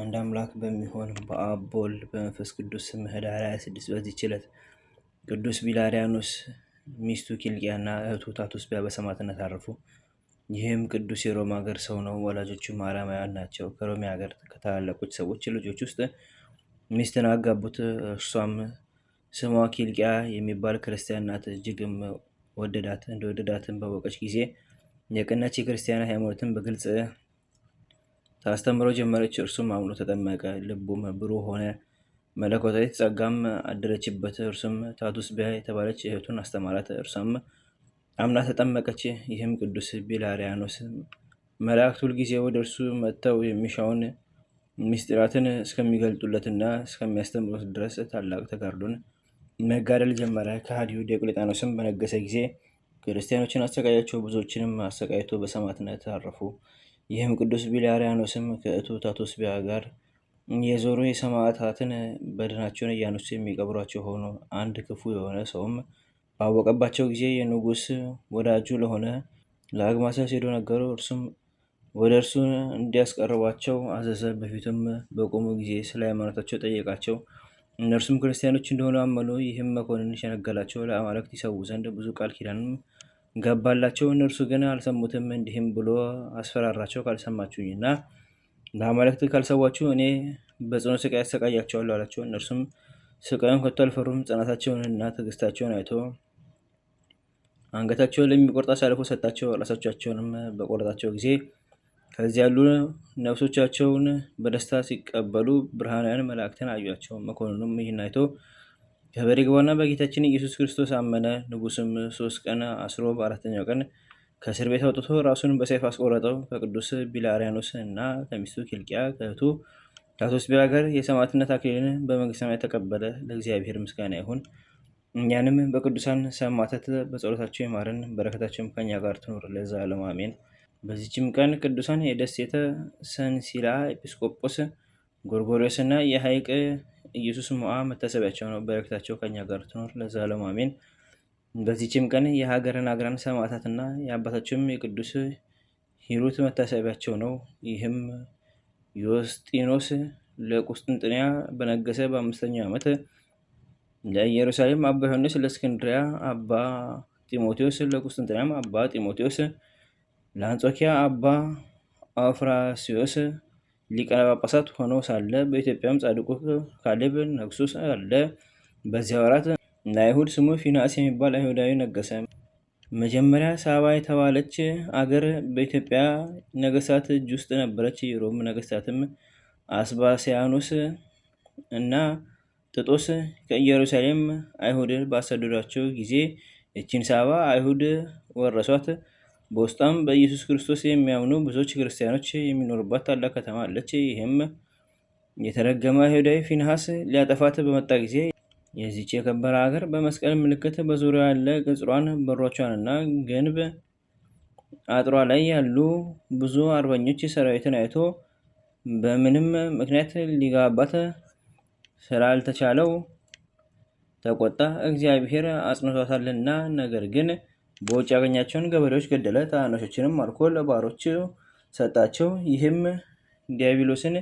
አንድ አምላክ በሚሆን በአብ በመንፈስ ቅዱስ ስም ህዳር 26 በዚህች ዕለት ቅዱስ ቢላሪያኖስ ሚስቱ ኪልቅያና እህቱ ታቱስቢያ በሰማዕትነት አረፉ። ይህም ቅዱስ የሮም ሀገር ሰው ነው። ወላጆቹም አረማውያን ናቸው። ከሮሚ ሀገር ከታላላቆች ሰዎች ልጆች ውስጥ ሚስትን አጋቡት። እርሷም ስሟ ኪልቅያ የሚባል ክርስቲያን ናት። እጅግም ወደዳት። ወደዳትን ባወቀች ጊዜ የቀናች የክርስቲያን ሃይማኖትን በግልጽ ታስተምረው ጀመረች። እርሱም አምኖ ተጠመቀ፣ ልቡም ብሩህ ሆነ። መለኮታዊ ጸጋም አደረችበት። እርሱም ቢያ የተባለች እህቱን አስተማራት። እርሷም አምና ተጠመቀች። ይህም ቅዱስ ቢላሪያኖስ መላእክት ሁልጊዜ ወደ እርሱ መጥተው የሚሻውን ምስጢራትን እስከሚገልጡለትና እስከሚያስተምሩት ድረስ ታላቅ ተጋድሎን መጋደል ጀመረ። ከሃዲው ዲዮቅልጥያኖስም በነገሰ ጊዜ ክርስቲያኖችን አሰቃያቸው፣ ብዙዎችንም አሰቃይቶ በሰማዕትነት አረፉ። ይህም ቅዱስ ቢላርያኖስም ከእቶታቶስቢያ ጋር የዞሩ የሰማዕታትን በድናቸውን እያነሱ የሚቀብሯቸው ሆኖ አንድ ክፉ የሆነ ሰውም ባወቀባቸው ጊዜ የንጉስ ወዳጁ ለሆነ ለአግማስያስ ሄዶ ነገሩ። እርሱም ወደ እርሱ እንዲያስቀርቧቸው አዘዘ። በፊቱም በቆሙ ጊዜ ስለ ሃይማኖታቸው ጠየቃቸው። እነርሱም ክርስቲያኖች እንደሆኑ አመኑ። ይህም መኮንን ሸነገላቸው። ለአማልክት ይሰዉ ዘንድ ብዙ ቃል ኪዳንም ገባላቸው። እነርሱ ግን አልሰሙትም። እንዲህም ብሎ አስፈራራቸው፣ ካልሰማችሁኝና ለአማልክት ካልሰዋችሁ እኔ በጽኑ ስቃይ ያሰቃያቸዋለሁ አላቸው። እነርሱም ስቃዩን ከቶ አልፈሩም። ጽናታቸውንና ትዕግስታቸውን አይቶ አንገታቸውን ለሚቆርጥ አሳልፎ ሰጣቸው። ራሳቸውንም በቆረጣቸው ጊዜ ከዚያ ያሉ ነፍሶቻቸውን በደስታ ሲቀበሉ ብርሃናውያን መላእክትን አዩአቸው። መኮንኑም ይህን አይቶ በበደግባውና በጌታችን ኢየሱስ ክርስቶስ አመነ። ንጉስም ሶስት ቀን አስሮ በአራተኛው ቀን ከእስር ቤት አውጥቶ ራሱን በሰይፍ አስቆረጠው። ከቅዱስ ቢላሪያኖስ እና ከሚስቱ ኪልቅያ ከእህቱ ከአሶስቢያ ጋር የሰማዕትነት አክሊልን በመንግሥተ ሰማያት ተቀበለ። ለእግዚአብሔር ምስጋና ይሁን። እኛንም በቅዱሳን ሰማዕታት በጸሎታቸው ይማረን፣ በረከታቸውም ከኛ ጋር ትኖር ለዘላለሙ አሜን። በዚችም ቀን ቅዱሳን የደሴተ ሰንሲላ ኤጲስቆጶስ ጎርጎሪዎስና የሐይቅ ኢየሱስ ሞዐ መታሰቢያቸው ነው። በረከታቸው ከኛ ጋር ትኖር ለዛለም አሜን። በዚችም ቀን የሀገርን አግራን ሰማዕታትና የአባታቸውም የቅዱስ ሂሩት መታሰቢያቸው ነው። ይህም ዮስጢኖስ ለቁስጥንጥንያ በነገሰ በአምስተኛው ዓመት ለኢየሩሳሌም አባ ዮሐንስ፣ ለእስክንድሪያ አባ ጢሞቴዎስ፣ ለቁስጥንጥንያም አባ ጢሞቴዎስ፣ ለአንጾኪያ አባ አፍራሲዮስ ሊቃነ ጳጳሳት ሳለ በኢትዮጵያም ጻድቁ ካሌብ ነግሶ ሳለ በዚያ ወራት ለአይሁድ ስሙ ፊናስ የሚባል አይሁዳዊ ነገሰ። መጀመሪያ ሳባ የተባለች አገር በኢትዮጵያ ነገስታት እጅ ውስጥ ነበረች። የሮም ነገስታትም አስባሲያኖስ እና ጥጦስ ከኢየሩሳሌም አይሁድን ባሰደዷቸው ጊዜ እችን ሳባ አይሁድ ወረሷት። በውስጣም በኢየሱስ ክርስቶስ የሚያምኑ ብዙዎች ክርስቲያኖች የሚኖሩባት ታላቅ ከተማ አለች። ይህም የተረገመ አይሁዳዊ ፊንሃስ ሊያጠፋት በመጣ ጊዜ የዚች የከበረ ሀገር በመስቀል ምልክት በዙሪያ ያለ ቅጽሯን፣ በሮቿንና ግንብ አጥሯ ላይ ያሉ ብዙ አርበኞች ሰራዊትን አይቶ በምንም ምክንያት ሊጋባት ስላልተቻለው ተቆጣ። እግዚአብሔር አጽንቷታልና ነገር ግን በውጭ ያገኛቸውን ገበሬዎች ገደለ፣ ታናናሾችንም አልኮ ለባሮች ሰጣቸው። ይህም ዲያብሎስን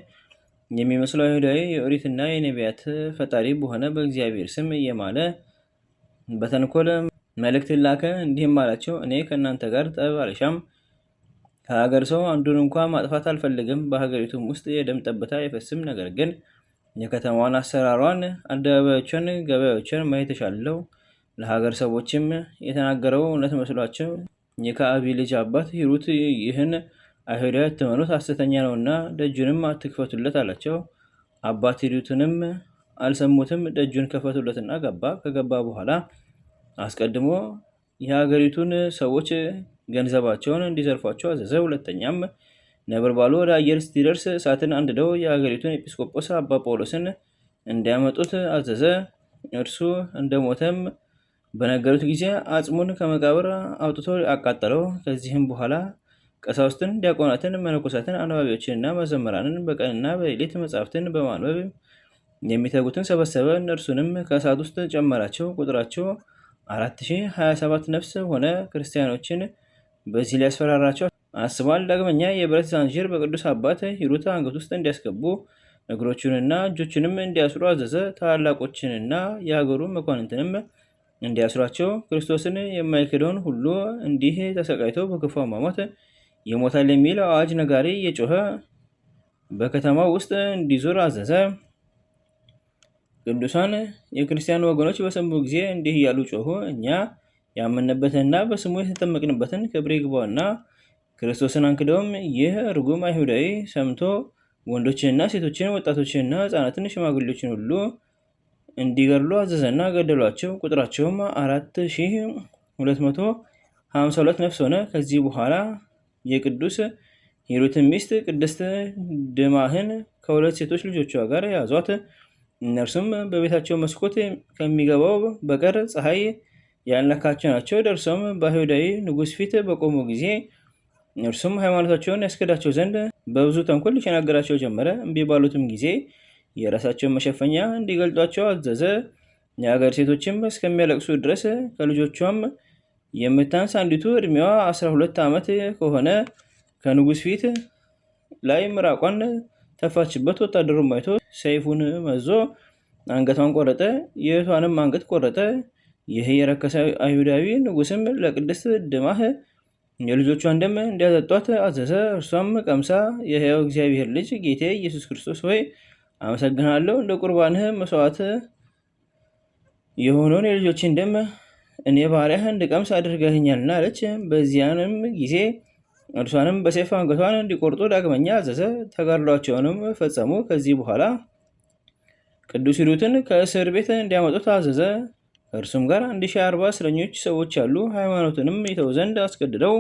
የሚመስለው አይሁዳዊ የኦሪትና የነቢያት ፈጣሪ በሆነ በእግዚአብሔር ስም እየማለ በተንኮል መልእክት ላከ። እንዲህም አላቸው፣ እኔ ከእናንተ ጋር ጠብ አልሻም፣ ከሀገር ሰው አንዱን እንኳ ማጥፋት አልፈልግም። በሀገሪቱም ውስጥ የደም ጠብታ አይፈስም። ነገር ግን የከተማዋን አሰራሯን፣ አደባባዮችን፣ ገበያዎችን ማየት እሻለሁ። ለሀገር ሰዎችም የተናገረው እውነት መስሏቸው የከአቢ ልጅ አባት ሂሩት ይህን አይሁዳዊ አትመኑት፣ ሐሰተኛ ነውና ደጁንም አትክፈቱለት አላቸው። አባት ሂሩትንም አልሰሙትም። ደጁን ከፈቱለትና ገባ። ከገባ በኋላ አስቀድሞ የሀገሪቱን ሰዎች ገንዘባቸውን እንዲዘርፏቸው አዘዘ። ሁለተኛም ነበልባሉ ወደ አየር እስኪደርስ እሳትን አንድደው የሀገሪቱን ኤጲስቆጶስ አባ ጳውሎስን እንዲያመጡት አዘዘ። እርሱ እንደሞተም በነገሩት ጊዜ አጽሙን ከመቃብር አውጥቶ አቃጠለው። ከዚህም በኋላ ቀሳውስትን፣ ዲያቆናትን፣ መነኮሳትን፣ አንባቢዎችንና መዘምራንን በቀንና በሌሊት መጻሕፍትን በማንበብ የሚተጉትን ሰበሰበ። እነርሱንም ከእሳት ውስጥ ጨመራቸው። ቁጥራቸው 4027 ነፍስ ሆነ። ክርስቲያኖችን በዚህ ሊያስፈራራቸው አስቧል። ዳግመኛ የብረት ዛንዥር በቅዱስ አባት ሂሩት አንገት ውስጥ እንዲያስገቡ እግሮቹንና እጆቹንም እንዲያስሩ አዘዘ። ታላላቆችንና የሀገሩ መኳንንትንም እንዲያስሯቸው ክርስቶስን የማይክደውን ሁሉ እንዲህ ተሰቃይቶ በክፉ አሟሟት ይሞታል የሚል አዋጅ ነጋሪ እየጮኸ በከተማ ውስጥ እንዲዞር አዘዘ። ቅዱሳን የክርስቲያን ወገኖች በሰሙ ጊዜ እንዲህ እያሉ ጮሁ እኛ ያመንበትንና በስሙ የተጠመቅንበትን ክብሬ ይግባውና ክርስቶስን አንክደውም። ይህ እርጉም አይሁዳዊ ሰምቶ ወንዶችንና ሴቶችን፣ ወጣቶችንና ህፃናትን ሽማግሌዎችን ሁሉ እንዲገድሉ አዘዘና ገደሏቸው። ቁጥራቸውም አራት ሺህ ሁለት መቶ ሀምሳ ሁለት ነፍስ ሆነ። ከዚህ በኋላ የቅዱስ ሂሩትን ሚስት ቅድስት ድማህን ከሁለት ሴቶች ልጆቿ ጋር ያዟት። እነርሱም በቤታቸው መስኮት ከሚገባው በቀር ፀሐይ ያልነካቸው ናቸው። ደርሰውም በአይሁዳዊ ንጉሥ ፊት በቆሙ ጊዜ እርሱም ሃይማኖታቸውን ያስከዳቸው ዘንድ በብዙ ተንኮል ይሸናገራቸው ጀመረ። እምቢ ባሉትም ጊዜ የራሳቸውን መሸፈኛ እንዲገልጧቸው አዘዘ። የሀገር ሴቶችም እስከሚያለቅሱ ድረስ ከልጆቿም የምታንስ አንዲቱ እድሜዋ 12 ዓመት ከሆነ ከንጉስ ፊት ላይ ምራቋን ተፋችበት። ወታደሩ አይቶ ሰይፉን መዞ አንገቷን ቆረጠ፣ የእህቷንም አንገት ቆረጠ። ይህ የረከሰ አይሁዳዊ ንጉስም ለቅድስት ድማህ የልጆቿን ደም እንዲያጠጧት አዘዘ። እርሷም ቀምሳ የሕያው እግዚአብሔር ልጅ ጌቴ ኢየሱስ ክርስቶስ ሆይ አመሰግናለሁ እንደ ቁርባንህም መስዋዕት የሆነውን የልጆችን ደም እኔ ባሪያህ እንድቀምስ አድርገህኛልና አለች። በዚያንም ጊዜ እርሷንም በሰይፍ አንገቷን እንዲቆርጡ ዳግመኛ አዘዘ። ተጋድሏቸውንም ፈጸሙ። ከዚህ በኋላ ቅዱስ ሂሩትን ከእስር ቤት እንዲያመጡት አዘዘ። ከእርሱም ጋር 1040 እስረኞች ሰዎች አሉ። ሃይማኖትንም ይተው ዘንድ አስገድደው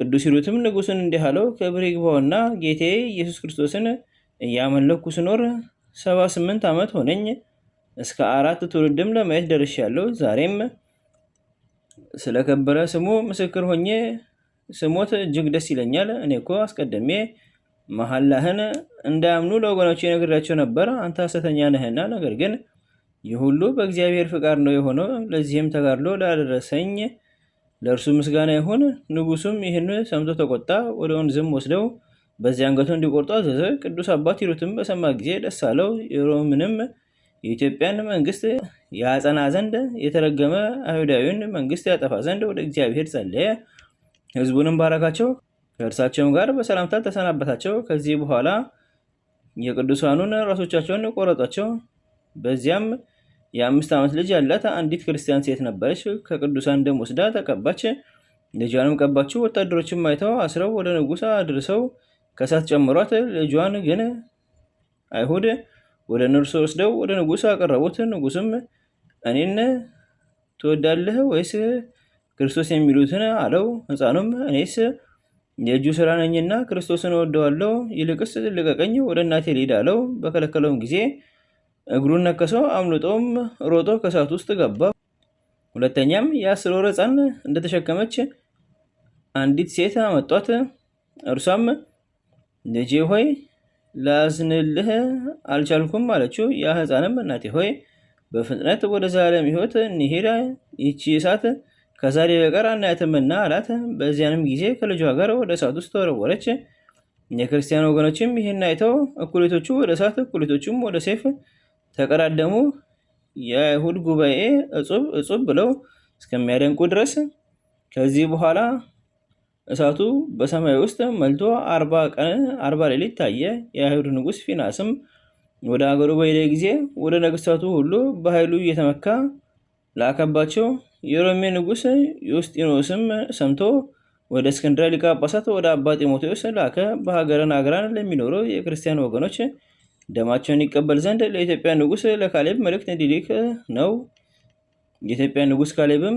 ቅዱስ ሂሩትም ንጉሥን እንዲህ አለው፣ ክብር ይግባውና ጌቴ ኢየሱስ ክርስቶስን እያመለኩ ስኖር ሰባ ስምንት ዓመት ሆነኝ። እስከ አራት ትውልድም ለማየት ደርሻለሁ። ዛሬም ስለከበረ ስሙ ምስክር ሆኜ ስሞት እጅግ ደስ ይለኛል። እኔ እኮ አስቀድሜ መሐላህን እንዳያምኑ ለወገኖች የነገራቸው ነበር፣ አንተ ሐሰተኛ ነህና። ነገር ግን ይህ ሁሉ በእግዚአብሔር ፍቃድ ነው የሆነው። ለዚህም ተጋድሎ ላደረሰኝ ለእርሱ ምስጋና ይሁን። ንጉሱም ይህን ሰምቶ ተቆጣ። ወደ ወንዝም ወስደው በዚህ አንገቱ እንዲቆርጡ አዘዘ። ቅዱስ አባት ሂሩትም በሰማ ጊዜ ደስ አለው። የሮምንም የኢትዮጵያን መንግስት ያጸና ዘንድ የተረገመ አይሁዳዊን መንግስት ያጠፋ ዘንድ ወደ እግዚአብሔር ጸለየ። ህዝቡንም ባረካቸው፣ ከእርሳቸውም ጋር በሰላምታ ተሰናበታቸው። ከዚህ በኋላ የቅዱሳኑን ራሶቻቸውን ቆረጧቸው። በዚያም የአምስት ዓመት ልጅ ያላት አንዲት ክርስቲያን ሴት ነበረች። ከቅዱሳን ደም ወስዳ ተቀባች። ልጇንም ቀባችው። ወታደሮችም አይተው አስረው ወደ ንጉሥ አድርሰው ከእሳት ጨምሯት። ልጇን ግን አይሁድ ወደ እነርሱ ወስደው ወደ ንጉስ አቀረቡት። ንጉስም እኔን ትወዳለህ ወይስ ክርስቶስ የሚሉትን አለው። ህፃኑም እኔስ የእጁ ስራ ነኝና ክርስቶስን ወደዋለው ይልቅስ ልቀቀኝ፣ ወደ እናቴ ልሂድ አለው። በከለከለውም ጊዜ እግሩን ነከሰው፣ አምልጦም ሮጦ ከእሳት ውስጥ ገባ። ሁለተኛም የአስር ወር ህፃን እንደተሸከመች አንዲት ሴት አመጧት። እርሷም ልጄ ሆይ ላዝንልህ አልቻልኩም አለችው። ያ ህፃንም እናቴ ሆይ በፍጥነት ወደ ዘላለም ህይወት እንሂድ፣ ይቺ እሳት ከዛሬ በቀር አናያትምና አላት። በዚያንም ጊዜ ከልጇ ጋር ወደ እሳት ውስጥ ተወረወረች። የክርስቲያን ወገኖችም ይህን አይተው እኩሌቶቹ ወደ እሳት እኩሌቶቹም ወደ ሰይፍ ተቀዳደሙ። የአይሁድ ጉባኤ እጹብ እጹብ ብለው እስከሚያደንቁ ድረስ ከዚህ በኋላ እሳቱ በሰማይ ውስጥ መልቶ አርባ ቀን አርባ ሌሊት ታየ። የአይሁድ ንጉሥ ፊናስም ወደ አገሩ በሄደ ጊዜ ወደ ነገስታቱ ሁሉ በኃይሉ እየተመካ ላከባቸው። የሮሜ ንጉሥ ዮስጢኖስም ሰምቶ ወደ እስክንድሪያ ሊቀ ጳጳሳት ወደ አባ ጢሞቴዎስ ላከ። በሀገረ ሀገራን ለሚኖሩ የክርስቲያን ወገኖች ደማቸውን ይቀበል ዘንድ ለኢትዮጵያ ንጉሥ ለካሌብ መልእክት እንዲልክ ነው። የኢትዮጵያ ንጉስ ካሌብም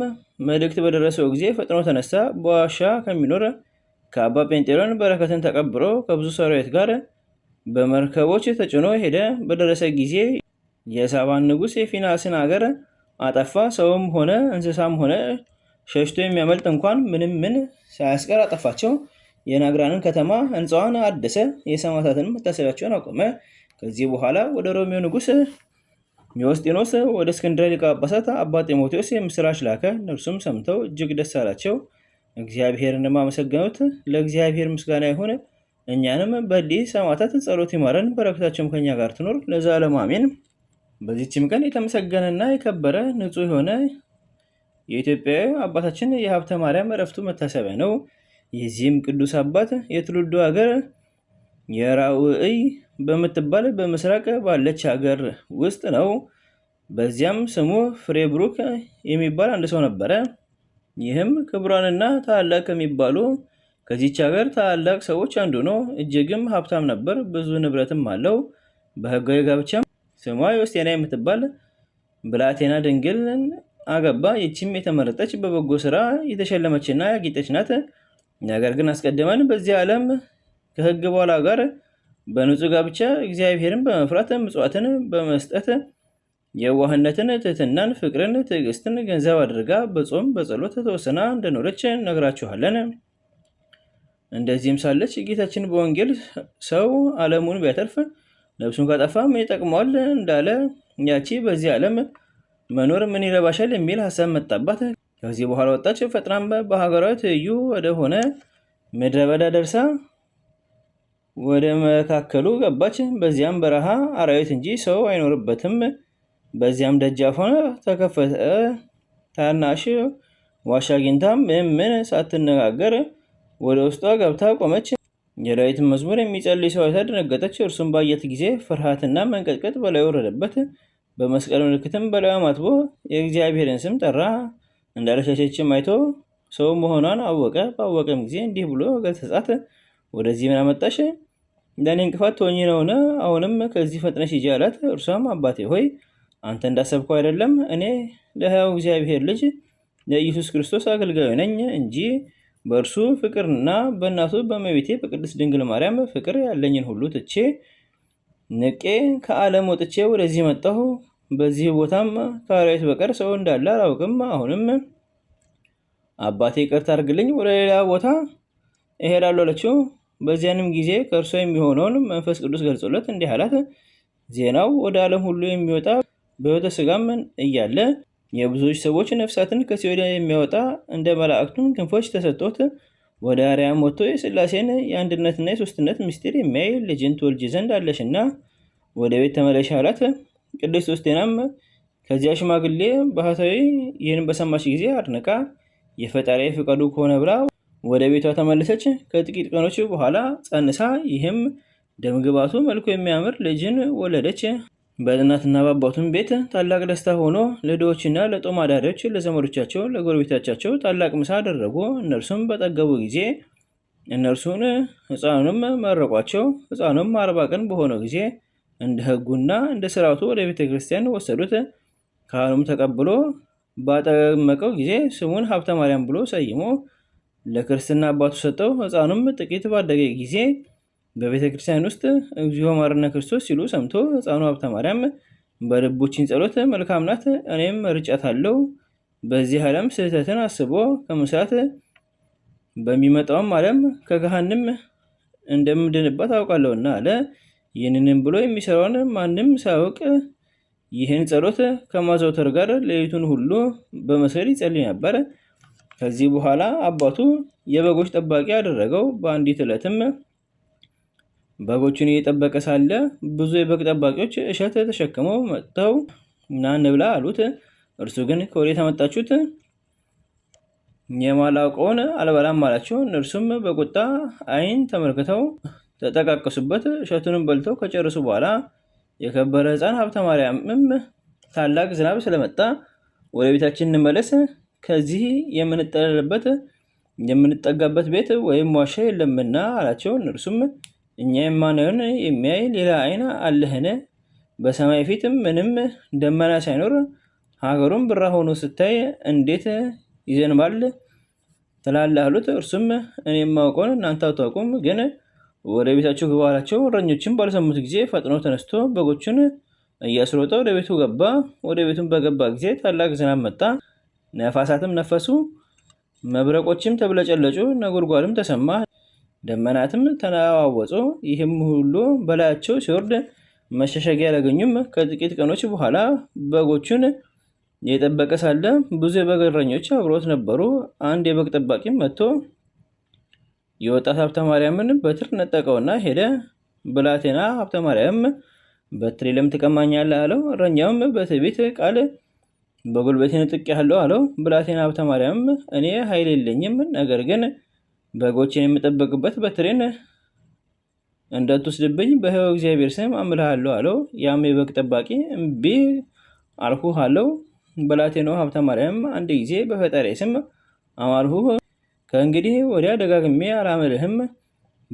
መልእክት በደረሰው ጊዜ ፈጥኖ ተነሳ። በዋሻ ከሚኖር ከአባ ጴንጤሎን በረከትን ተቀብሎ ከብዙ ሰራዊት ጋር በመርከቦች ተጭኖ ሄደ። በደረሰ ጊዜ የሳባን ንጉስ የፊናስን አገር አጠፋ። ሰውም ሆነ እንስሳም ሆነ ሸሽቶ የሚያመልጥ እንኳን ምንም ምን ሳያስቀር አጠፋቸው። የናግራንን ከተማ ህንፃዋን አደሰ። የሰማዕታትን መታሰቢያቸውን አቆመ። ከዚህ በኋላ ወደ ሮሚዮ ንጉስ ሚዮስጢኖስ ወደ እስክንድርያ ሊቀ ጳጳሳት አባ ጢሞቴዎስ የምስራች ላከ። እነርሱም ሰምተው እጅግ ደስ አላቸው፣ እግዚአብሔርንም አመሰገኑት። ለእግዚአብሔር ምስጋና ይሁን፣ እኛንም በዲህ ሰማዕታት ጸሎት ይማረን፣ በረከታቸውም ከኛ ጋር ትኖር ለዘላለሙ አሜን። በዚችም ቀን የተመሰገነና የከበረ ንጹህ የሆነ የኢትዮጵያዊ አባታችን የሀብተ ማርያም እረፍቱ መታሰቢያ ነው። የዚህም ቅዱስ አባት የትውልዱ ሀገር የራውእይ በምትባል በምስራቅ ባለች ሀገር ውስጥ ነው። በዚያም ስሙ ፍሬብሩክ የሚባል አንድ ሰው ነበረ። ይህም ክቡራንና ታላቅ ከሚባሉ ከዚች ሀገር ታላቅ ሰዎች አንዱ ነው። እጅግም ሀብታም ነበር፣ ብዙ ንብረትም አለው። በህጋዊ ጋብቻም ስሟ ዮስቴና የምትባል ብላቴና ድንግልን አገባ። ይችም የተመረጠች በበጎ ስራ የተሸለመችና ያጌጠች ናት። ነገር ግን አስቀድመን በዚህ ዓለም ከህግ በኋላ ጋር በንጹህ ጋብቻ እግዚአብሔርን በመፍራት ምጽዋትን በመስጠት የዋህነትን፣ ትህትናን፣ ፍቅርን፣ ትዕግስትን ገንዘብ አድርጋ በጾም በጸሎት ተወሰና እንደኖረች ነግራችኋለን። እንደዚህም ሳለች ጌታችን በወንጌል ሰው አለሙን ቢያተርፍ ነብሱን ካጠፋም ይጠቅመዋል እንዳለ ያቺ በዚህ ዓለም መኖር ምን ይረባሻል የሚል ሀሳብ መጣባት። ከዚህ በኋላ ወጣች። ፈጥናም በሀገራዊ ትይዩ ወደሆነ ምድረ በዳ ደርሳ ወደ መካከሉ ገባች። በዚያም በረሃ አራዊት እንጂ ሰው አይኖርበትም። በዚያም ደጃፍ ሆነ ተከፈተ። ታናሽ ዋሻ አግኝታም ምን ሳትነጋገር ወደ ውስጧ ገብታ ቆመች። የዳዊትን መዝሙር የሚጸልይ ሰው አይታ ደነገጠች። እርሱም ባየት ጊዜ ፍርሃትና መንቀጥቀጥ በላይ ወረደበት። በመስቀል ምልክትም በላዩ ማትቦ የእግዚአብሔርን ስም ጠራ። እንዳለሻሸችም አይቶ ሰው መሆኗን አወቀ። ባወቀም ጊዜ እንዲህ ብሎ ገሰጻት፣ ወደዚህ ምን አመጣሽ? እንደኔ እንቅፋት ትሆኚ ነውን? አሁንም ከዚህ ፈጥነሽ ሂጂ አላት። እርሷም አባቴ ሆይ አንተ እንዳሰብከው አይደለም። እኔ ለሕያው እግዚአብሔር ልጅ ለኢየሱስ ክርስቶስ አገልጋዩ ነኝ እንጂ በእርሱ ፍቅርና በእናቱ በመቤቴ በቅድስት ድንግል ማርያም ፍቅር ያለኝን ሁሉ ትቼ ንቄ ከዓለም ወጥቼ ወደዚህ መጣሁ። በዚህ ቦታም ከአራዊት በቀር ሰው እንዳለ አላውቅም። አሁንም አባቴ ይቅርታ አድርግልኝ፣ ወደ ሌላ ቦታ እሄዳለሁ አለችው። በዚያንም ጊዜ ከእርሶ የሚሆነውን መንፈስ ቅዱስ ገልጾለት እንዲህ አላት፣ ዜናው ወደ ዓለም ሁሉ የሚወጣ በሕይወተ ሥጋም እያለ የብዙዎች ሰዎች ነፍሳትን ከሲኦል የሚያወጣ እንደ መላእክቱን ክንፎች ተሰጥቶት ወደ አርያም ወጥቶ የስላሴን የአንድነትና የሶስትነት ምስጢር የሚያይ ልጅን ትወልጅ ዘንድ አለሽና ወደ ቤት ተመለሽ አላት። ቅድስት ሶስቴናም ከዚያ ሽማግሌ ባህታዊ ይህን በሰማች ጊዜ አድንቃ የፈጣሪ ፈቃዱ ከሆነ ብላ ወደ ቤቷ ተመለሰች። ከጥቂት ቀኖች በኋላ ጸንሳ ይህም ደምግባቱ መልኩ የሚያምር ልጅን ወለደች። በእናትና በአባቱም ቤት ታላቅ ደስታ ሆኖ ለድሆችና ለጦም አዳሪዎች፣ ለዘመዶቻቸው፣ ለጎረቤቶቻቸው ታላቅ ምሳ አደረጉ። እነርሱም በጠገቡ ጊዜ እነርሱን ህፃኑም መረቋቸው። ሕፃኑም አርባ ቀን በሆነው ጊዜ እንደ ሕጉና እንደ ስርዓቱ ወደ ቤተ ክርስቲያን ወሰዱት። ካህኑም ተቀብሎ ባጠመቀው ጊዜ ስሙን ሀብተ ማርያም ብሎ ሰይሞ ለክርስትና አባቱ ሰጠው። ህፃኑም ጥቂት ባደገ ጊዜ በቤተ ክርስቲያን ውስጥ እግዚኦ ማረነ ክርስቶስ ሲሉ ሰምቶ ህፃኑ ሀብተ ማርያም በልቦችን ጸሎት መልካም ናት፣ እኔም ርጫታለሁ። በዚህ ዓለም ስህተትን አስቦ ከመስራት በሚመጣውም ዓለም ከገሃንም እንደምድንባት አውቃለሁና አለ። ይህንንም ብሎ የሚሰራውን ማንም ሳያውቅ ይህን ጸሎት ከማዘውተር ጋር ሌሊቱን ሁሉ በመስገድ ይጸልይ ነበር። ከዚህ በኋላ አባቱ የበጎች ጠባቂ ያደረገው። በአንዲት ዕለትም በጎቹን እየጠበቀ ሳለ ብዙ የበግ ጠባቂዎች እሸት ተሸክመው መጥተው ና እንብላ አሉት። እርሱ ግን ከወዴት አመጣችሁት? የማላውቀውን አልበላም አላቸው። እነርሱም በቁጣ ዓይን ተመልክተው ተጠቃቀሱበት። እሸቱንም በልተው ከጨረሱ በኋላ የከበረ ሕፃን ሀብተ ማርያምም ታላቅ ዝናብ ስለመጣ ወደ ቤታችን እንመለስ ከዚህ የምንጠለልበት የምንጠጋበት ቤት ወይም ዋሻ የለምና አላቸው። እነርሱም እኛ የማናየውን የሚያይ ሌላ አይን አለህን? በሰማይ ፊት ምንም ደመና ሳይኖር ሀገሩን ብራ ሆኖ ስታይ እንዴት ይዘንባል ትላለህ አሉት። እርሱም እኔ የማውቀውን እናንተ አታውቁም፣ ግን ወደ ቤታቸው ግቡ አላቸው። እረኞችም ባልሰሙት ጊዜ ፈጥኖ ተነስቶ በጎቹን እያስሮጠ ወደ ቤቱ ገባ። ወደ ቤቱን በገባ ጊዜ ታላቅ ዝናብ መጣ። ነፋሳትም ነፈሱ፣ መብረቆችም ተብለጨለጩ፣ ነጎድጓድም ተሰማ፣ ደመናትም ተነዋወጹ። ይህም ሁሉ በላያቸው ሲወርድ መሸሸጊያ አላገኙም። ከጥቂት ቀኖች በኋላ በጎቹን የጠበቀ ሳለ ብዙ የበግ እረኞች አብሮት ነበሩ። አንድ የበግ ጠባቂም መጥቶ የወጣት ሀብተ ማርያምን በትር ነጠቀውና ሄደ። ብላቴና ሀብተ ማርያም በትሬ ለምን ትቀማኛለህ? አለው። እረኛውም በትዕቢት ቃል በጉልበቴ ንጥቅ ያለው አለው። ብላቴና ሀብተ ማርያም እኔ ኃይል የለኝም፣ ነገር ግን በጎችን የምጠበቅበት በትሬን እንደትወስድብኝ በሕያው እግዚአብሔር ስም አምልሃለሁ አለው። ያም የበግ ጠባቂ እምቢ አልሁህ አለው። ብላቴናው ሀብተ ማርያም አንድ ጊዜ በፈጣሪ ስም አማልሁህ፣ ከእንግዲህ ወዲያ ደጋግሜ አላምልህም።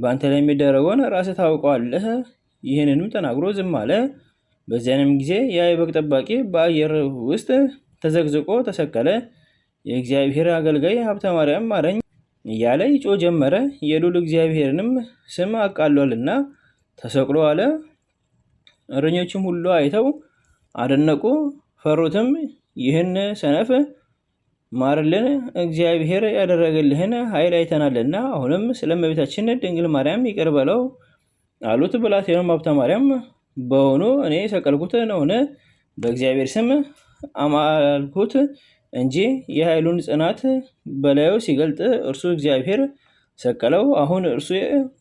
በአንተ ላይ የሚደረገውን ራስ ታውቀዋለህ። ይህንንም ተናግሮ ዝም አለ። በዚያንም ጊዜ ያ የበግ ጠባቂ በአየር ውስጥ ተዘግዝቆ ተሰቀለ። የእግዚአብሔር አገልጋይ ሀብተ ማርያም ማረኝ እያለ ይጮ ጀመረ። የሉል እግዚአብሔርንም ስም አቃሏልና ተሰቅሎ አለ። እረኞችም ሁሉ አይተው አደነቁ፣ ፈሩትም። ይህን ሰነፍ ማርልን፣ እግዚአብሔር ያደረገልህን ኃይል አይተናልና አሁንም ስለ እመቤታችን ድንግል ማርያም ይቅር በለው አሉት። ብላቴናም ሀብተ ማርያም በሆኑ እኔ ሰቀልኩት ነውን በእግዚአብሔር ስም አማልኩት እንጂ የኃይሉን ጽናት በላዩ ሲገልጥ እርሱ እግዚአብሔር ሰቀለው። አሁን እርሱ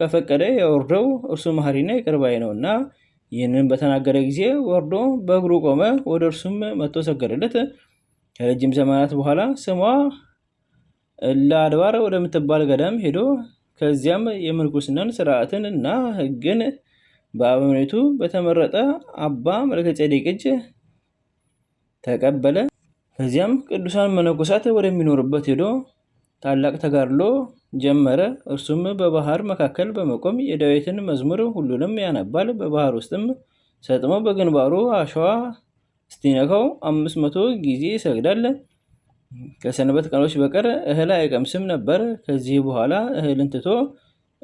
ከፈቀደ የወርደው እርሱ መሐሪና ይቅር ነው እና ይህንን በተናገረ ጊዜ ወርዶ በእግሩ ቆመ። ወደ እርሱም መጥቶ ሰገደለት። ከረጅም ዘመናት በኋላ ስሟ ለአድባር ወደምትባል ገዳም ሄዶ ከዚያም የምንኩስናን ስርዓትን እና ሕግን በአበምኔቱ በተመረጠ አባ መልከ እጅ ተቀበለ። ከዚያም ቅዱሳን መነኮሳት ወደሚኖርበት ሄዶ ታላቅ ተጋድሎ ጀመረ። እርሱም በባህር መካከል በመቆም የዳዊትን መዝሙር ሁሉንም ያነባል። በባህር ውስጥም ሰጥሞ በግንባሩ አሸዋ ስቲነካው አምስት መቶ ጊዜ ይሰግዳል። ከሰንበት ቀኖች በቀር እህል አይቀምስም ነበር። ከዚህ በኋላ እህልን ትቶ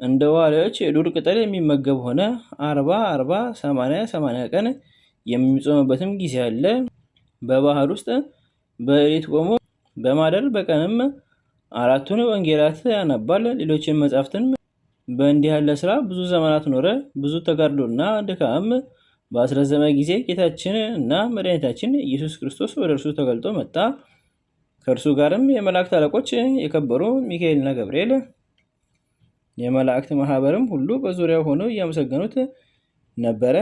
እንደ ዋልያዎች የዱር ቅጠል የሚመገብ ሆነ። አርባ አርባ ሰማንያ ሰማንያ ቀን የሚጾምበትም ጊዜ አለ። በባህር ውስጥ በሌሊት ቆሞ በማደር በቀንም አራቱን ወንጌላት ያነባል። ሌሎችን መጻሕፍትን በእንዲህ ያለ ስራ ብዙ ዘመናት ኖረ። ብዙ ተጋድሎና ድካም በአስረዘመ ጊዜ ጌታችን እና መድኃኒታችን ኢየሱስ ክርስቶስ ወደ እርሱ ተገልጦ መጣ። ከእርሱ ጋርም የመላእክት አለቆች የከበሩ ሚካኤልና ገብርኤል የመላእክት ማህበርም ሁሉ በዙሪያው ሆነው እያመሰገኑት ነበረ።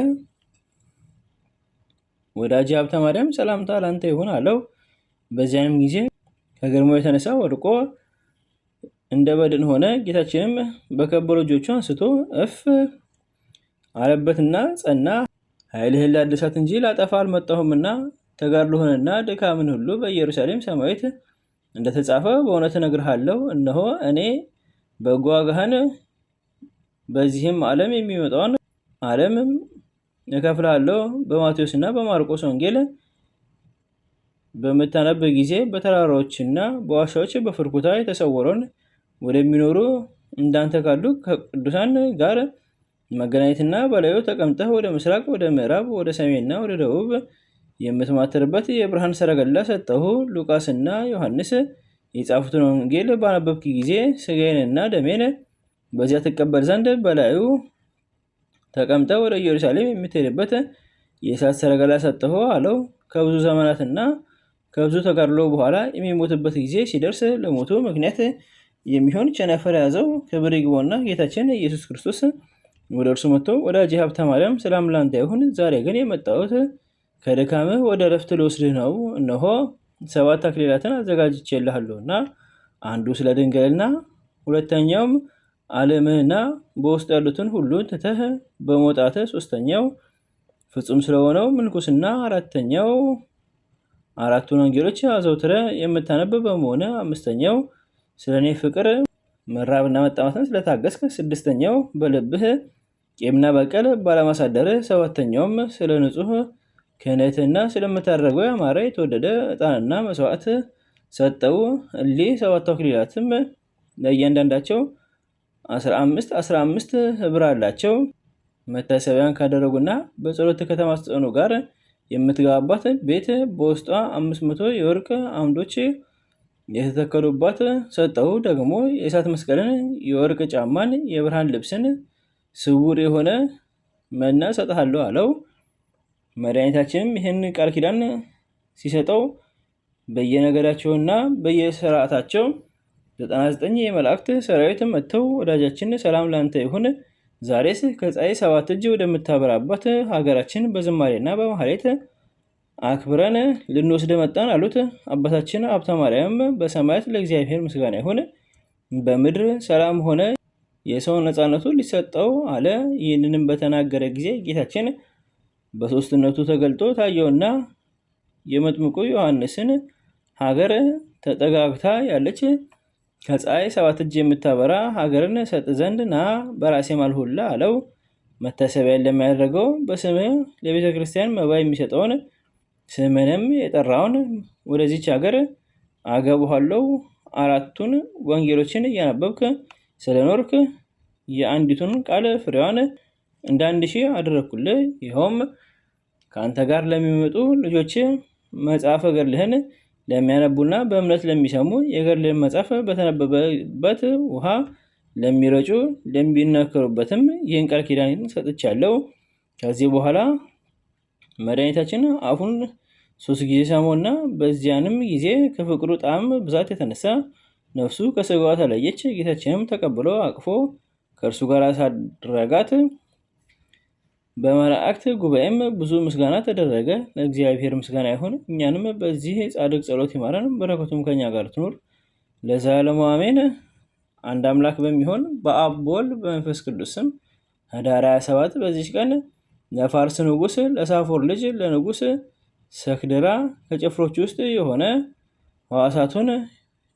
ወዳጅ ሀብተ ማርያም ሰላምታ ላንተ ይሁን አለው። በዚያንም ጊዜ ከግርማው የተነሳ ወድቆ እንደ በድን ሆነ። ጌታችንም በከበሩ እጆቹ አንስቶ እፍ አለበትና ጸና። ኃይልህን ላድሳት እንጂ ላጠፋ አልመጣሁምና ተጋድሎህንና ድካምን ሁሉ በኢየሩሳሌም ሰማዊት እንደተጻፈ በእውነት እነግርሃለሁ። እነሆ እኔ በጎ ዋጋህን በዚህም ዓለም የሚመጣውን ዓለም እከፍላለሁ። በማቴዎስ እና በማርቆስ ወንጌል በምታነብ ጊዜ እና በዋሻዎች በፍርኩታ የተሰወረውን ወደሚኖሩ እንዳንተ ካሉ ከቅዱሳን ጋር መገናኘትና በላዩ ተቀምጠህ ወደ ምስራቅ፣ ወደ ምዕራብ፣ ወደ ሰሜንና ወደ ደቡብ የምትማትርበት የብርሃን ሰረገላ ሰጠሁ። ሉቃስና ዮሐንስ የጻፉትን ወንጌል ባነበብክ ጊዜ ስጋዬንና ደሜን በዚያ ትቀበል ዘንድ በላዩ ተቀምጠው ወደ ኢየሩሳሌም የምትሄድበት የእሳት ሰረገላ ሰጥሆ አለው። ከብዙ ዘመናትና ከብዙ ተጋድሎ በኋላ የሚሞትበት ጊዜ ሲደርስ ለሞቱ ምክንያት የሚሆን ቸነፈር ያዘው። ክብር ይግባውና ጌታችን ኢየሱስ ክርስቶስ ወደ እርሱ መጥቶ ወዳጄ ሀብተ ማርያም ሰላም ላንተ ይሁን፣ ዛሬ ግን የመጣሁት ከድካምህ ወደ ረፍት ልወስድህ ነው። እነሆ ሰባት አክሊላትን እና አንዱ ስለ ድንግልና ሁለተኛውም ዓለምህና በውስጥ ያሉትን ሁሉ ትተህ በመውጣትህ ሶስተኛው ፍጹም ስለሆነው ምንኩስና አራተኛው አራቱን ወንጌሎች አዘውትረ የምታነብ በመሆነ አምስተኛው ስለ እኔ ፍቅር መራብና መጣማትን ስለታገስክ ስድስተኛው በልብህ ቂምና በቀል ባለማሳደር ሰባተኛውም ስለ ንጹህ ክህነትና ስለምታደርገው ያማረ የተወደደ እጣንና መስዋዕት ሰጠው። እሊ ሰባት አክሊላትም ለእያንዳንዳቸው 15 15 ህብር አላቸው። መታሰቢያን ካደረጉና በጸሎት ከተማ ጋር የምትገባባት ቤት በውስጧ 500 የወርቅ አምዶች የተተከሉባት ሰጠው። ደግሞ የእሳት መስቀልን፣ የወርቅ ጫማን፣ የብርሃን ልብስን፣ ስውር የሆነ መና ሰጥሃለሁ አለው። መድኃኒታችንም ይህን ቃል ኪዳን ሲሰጠው በየነገዳቸውና በየስርዓታቸው ዘጠና ዘጠኝ የመላእክት ሰራዊት መጥተው ወዳጃችን ሰላም ላንተ ይሁን ዛሬስ ከፀሐይ ሰባት እጅ ወደምታበራባት ሀገራችን በዝማሬና በማህሌት አክብረን ልንወስደ መጣን አሉት። አባታችን ሀብተ ማርያም በሰማያት ለእግዚአብሔር ምስጋና ይሁን፣ በምድር ሰላም ሆነ፣ የሰው ነፃነቱ ሊሰጠው አለ። ይህንንም በተናገረ ጊዜ ጌታችን በሶስትነቱ ተገልጦ ታየውና የመጥምቁ ዮሐንስን ሀገር ተጠጋግታ ያለች ከፀሐይ ሰባት እጅ የምታበራ ሀገርን ሰጥ ዘንድ ና በራሴ ማልሁላ አለው። መታሰቢያን ለሚያደርገው በስም ለቤተ ክርስቲያን መባ የሚሰጠውን ስምንም የጠራውን ወደዚች ሀገር አገቡሃለው። አራቱን ወንጌሎችን እያነበብክ ስለኖርክ የአንዲቱን ቃል ፍሬዋን እንደ አንድ ሺህ አደረግኩልህ። ይኸውም ከአንተ ጋር ለሚመጡ ልጆች መጽሐፈ ገድልህን ለሚያነቡና በእምነት ለሚሰሙ፣ የገድልን መጽሐፍ በተነበበበት ውሃ ለሚረጩ፣ ለሚነከሩበትም ይህን ቃል ኪዳን ሰጥቻለሁ። ከዚህ በኋላ መድኃኒታችን አፉን ሶስት ጊዜ ሰሞና በዚያንም ጊዜ ከፍቅሩ ጣዕም ብዛት የተነሳ ነፍሱ ከስጋዋ ተለየች። ጌታችንም ተቀብሎ አቅፎ ከእርሱ ጋር አሳድረጋት። በመላእክት ጉባኤም ብዙ ምስጋና ተደረገ። ለእግዚአብሔር ምስጋና ይሁን፣ እኛንም በዚህ ጻድቅ ጸሎት ይማረን፣ በረከቱም ከኛ ጋር ትኑር ለዘላለሙ አሜን። አንድ አምላክ በሚሆን በአብ በወልድ በመንፈስ ቅዱስ ስም ህዳር 27 በዚች ቀን ለፋርስ ንጉስ ለሳፎር ልጅ ለንጉስ ሰክድራ ከጭፍሮች ውስጥ የሆነ ሕዋሳቱን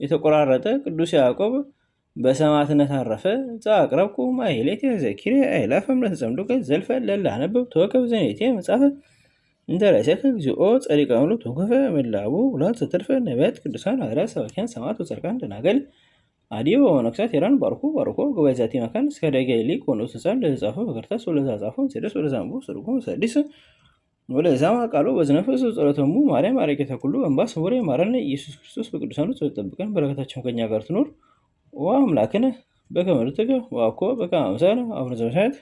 የተቆራረጠ ቅዱስ ያዕቆብ በሰማዕትነት አረፈ። አቅረብኩ ማይሌት የዘኪሬ አይላፈም ለተጸምዱከ ዘልፈ ለላነብብ ተወከብ ዘኔቴ መጽሐፈ እንተረሰከ እግዚኦ ጸሪቀ ምሉ ተወከፈ ምላቡ ሁላት ዘተርፈ ነቢያት ቅዱሳን ሐዋርያት ሰባኪያን ሰማት ወጻድቃን ደናገል አዲዮ በመነኮሳት ሄራን ባርኩ ባርኮ ጉባኤ ዛቲ መካን እስከ ደገ ሊቅ ወንዶ ስሳል ለተጻፈ በከርታስ ወለዛ ጻፈን ስደስ ወደ ዛንቦ ስርጉ ሰዲስ ወደ ዛማ ቃሉ በዝነፈሱ ጸሎተሙ ማርያም አረቄ ኩሉ እንባ ወሬ ማረነ ኢየሱስ ክርስቶስ በቅዱሳኑ ጠብቀን በረከታቸው ከኛ ጋር ትኖር وهم لكنه بكم ارتقى وأكو بكم أمثاله أبرز مشاهد